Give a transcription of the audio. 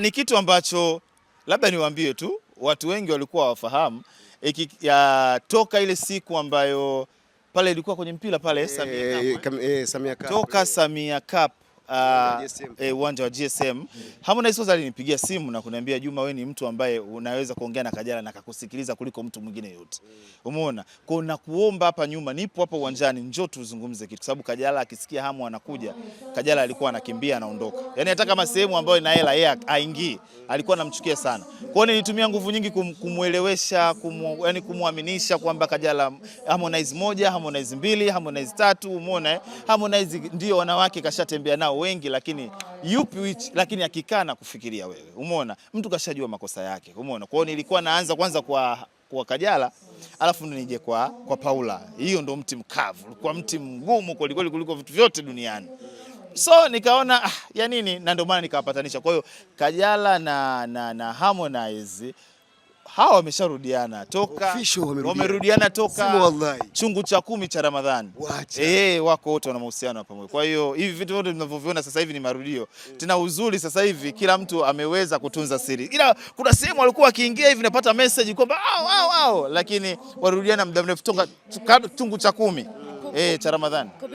ni kitu ambacho labda niwaambie tu watu wengi walikuwa ya, toka ile siku ambayo pale ilikuwa kwenye mpira pale Samia Cup, eh, eh, eh, toka Samia Cup Uh, eh, uwanja uh, wa GSM, eh, GSM. Harmonize sasa alinipigia simu na kuniambia Juma, wewe ni mtu ambaye unaweza kuongea na Kajala na kakusikiliza kuliko mtu mwingine yote. Umeona? Kwa hiyo nakuomba hapa nyuma, nipo hapa uwanjani, njoo tuzungumze kitu, kwa sababu Kajala akisikia hamu anakuja. Kajala alikuwa anakimbia anaondoka, yaani hata kama sehemu ambayo ina hela yeye aingii, alikuwa anamchukia sana. Kwa hiyo nilitumia nguvu nyingi kum, kumuelewesha, kum, yani kumuaminisha kwamba Kajala, Harmonize moja, Harmonize mbili, Harmonize tatu, umeona eh? Harmonize ndio wanawake kashatembea nao nao wengi, lakini yupi which, lakini akikaa na kufikiria wewe, umeona mtu kashajua makosa yake, umeona. Kwa hiyo nilikuwa naanza kwanza kwa kwa Kajala alafu ndo nije kwa, kwa Paula. Hiyo ndo mti mkavu, kwa mti mgumu kwelikweli kuliko vitu vyote duniani, so nikaona ah, ya nini, na ndio maana nikawapatanisha. Kwa hiyo Kajala na, na, na Harmonize hawa wamesharudiana toka wamerudiana, toka chungu cha kumi cha Ramadhani e, wako wote wana mahusiano hapa pamoja. Kwa hiyo hivi vitu vyote tunavyoviona sasa hivi ni marudio e. Eh. Tena uzuri sasa hivi kila mtu ameweza kutunza siri, ila kuna sehemu walikuwa wakiingia hivi napata message kwamba au au au, lakini warudiana muda mrefu toka chungu cha kumi e, cha Ramadhani.